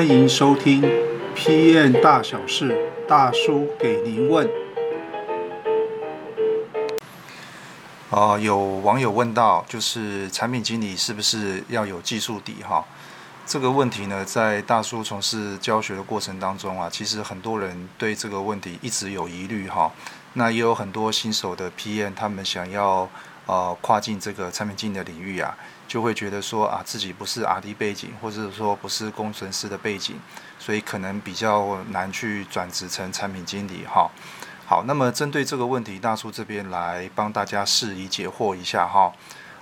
歡迎收聽《PM 大小事》，大叔給您問。啊、呃，有網友問到，就是產品經理是不是要有技術底？哈，這個問題呢，在大叔從事教學的過程當中啊，其實很多人對這個問題一直有疑慮。哈，那也有很多新手的 PM，他們想要。呃，跨進這個產品經理的領域啊，就會覺得說啊，自己不是 R&D 背景，或者說不是工程師的背景，所以可能比較難去轉職成產品經理哈。好，那麼針對這個問題，大叔這邊來幫大家釋疑解惑一下哈。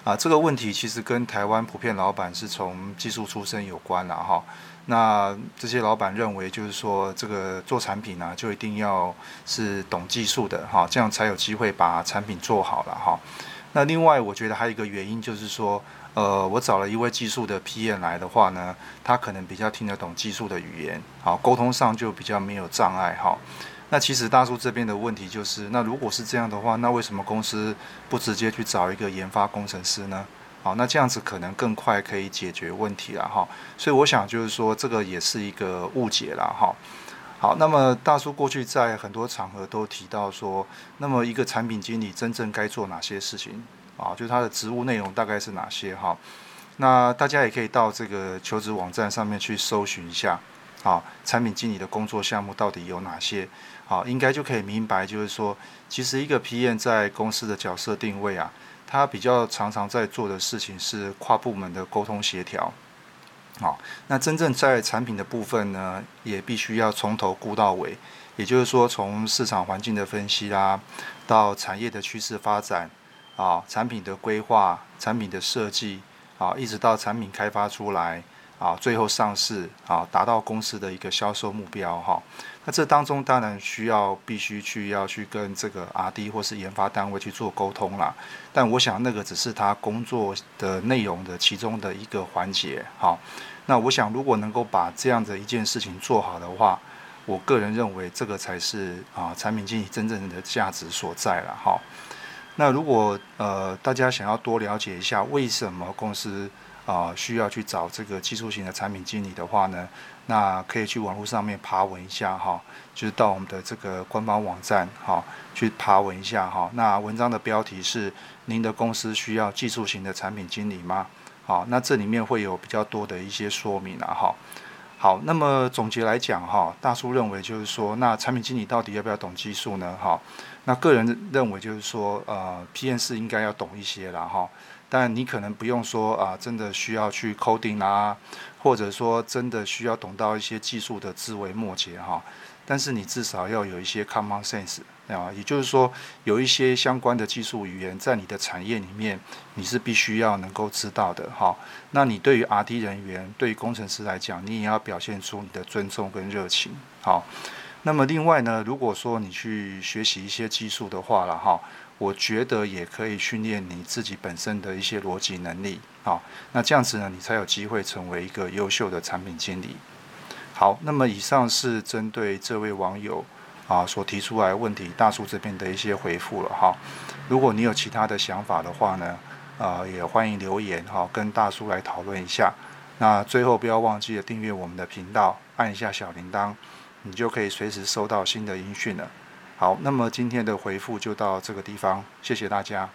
啊，這個問題其實跟台灣普遍老闆是從技術出身有關了哈。那這些老闆認為，就是說這個做產品呢，啊，就一定要是懂技術的哈，這樣才有機會把產品做好了哈。那另外，我覺得還有一個原因就是說，呃，我找了一位技術的 PM 來的話呢，他可能比較聽得懂技術的語言，好，溝通上就比較沒有障礙哈。那其實大叔這邊的問題就是，那如果是這樣的話，那為什麼公司不直接去找一個研發工程師呢？好，那這樣子可能更快可以解決問題了哈。所以我想就是說，這個也是一個誤解了哈。好，那麼大叔過去在很多場合都提到說，那麼一個產品經理真正該做哪些事情啊？就是他的職務內容大概是哪些哈？那大家也可以到這個求職網站上面去搜尋一下啊，產品經理的工作項目到底有哪些啊？應該就可以明白，就是說，其實一個 PM 在公司的角色定位啊，他比較常常在做的事情是跨部門的溝通協調。好、哦，那真正在產品的部分呢，也必須要從頭顧到尾，也就是說，從市場環境的分析啦、啊，到產業的趨勢發展，啊、哦，產品的規劃、產品的設計，啊、哦，一直到產品開發出來。啊，最後上市啊，達到公司的一個銷售目標哈。那這當中當然需要必須去要去跟這個 RD 或是研發單位去做溝通啦。但我想那個只是他工作的內容的其中的一個環節哈。那我想如果能夠把這樣的一件事情做好的話，我個人認為這個才是啊產品經理真正的價值所在了哈。那如果呃大家想要多了解一下為什麼公司啊、呃，需要去找這個技術型的產品經理的話呢，那可以去網絡上面爬文一下哈，就是到我們的這個官方網站哈，去爬文一下哈。那文章的標題是“您的公司需要技術型的產品經理嗎？”好，那這裡面會有比較多的一些說明了、啊、哈。好，那麼總結來講哈，大叔認為就是說，那產品經理到底要不要懂技術呢？哈，那個人認為就是說，呃，PM 是應該要懂一些了哈。但你可能不用說啊，真的需要去 coding 啊，或者說真的需要懂到一些技術的枝微末節哈、啊。但是你至少要有一些 common sense，啊，也就是說有一些相關的技術語言在你的產業裡面，你是必須要能夠知道的哈、啊。那你對於 R&D 人員、對於工程師來講，你也要表現出你的尊重跟熱情，哈、啊。那麼另外呢，如果說你去學習一些技術的話了哈，我覺得也可以訓練你自己本身的一些邏輯能力啊。那這樣子呢，你才有機會成為一個優秀的產品經理。好，那麼以上是針對這位網友啊所提出來問題，大叔這邊的一些回復了哈。如果你有其他的想法的話呢，啊，也歡迎留言哈，跟大叔來討論一下。那最後不要忘記了，訂閱我們的頻道，按一下小鈴鐺。你就可以隨時收到新的音訊了。好，那麼今天的回覆就到這個地方，謝謝大家。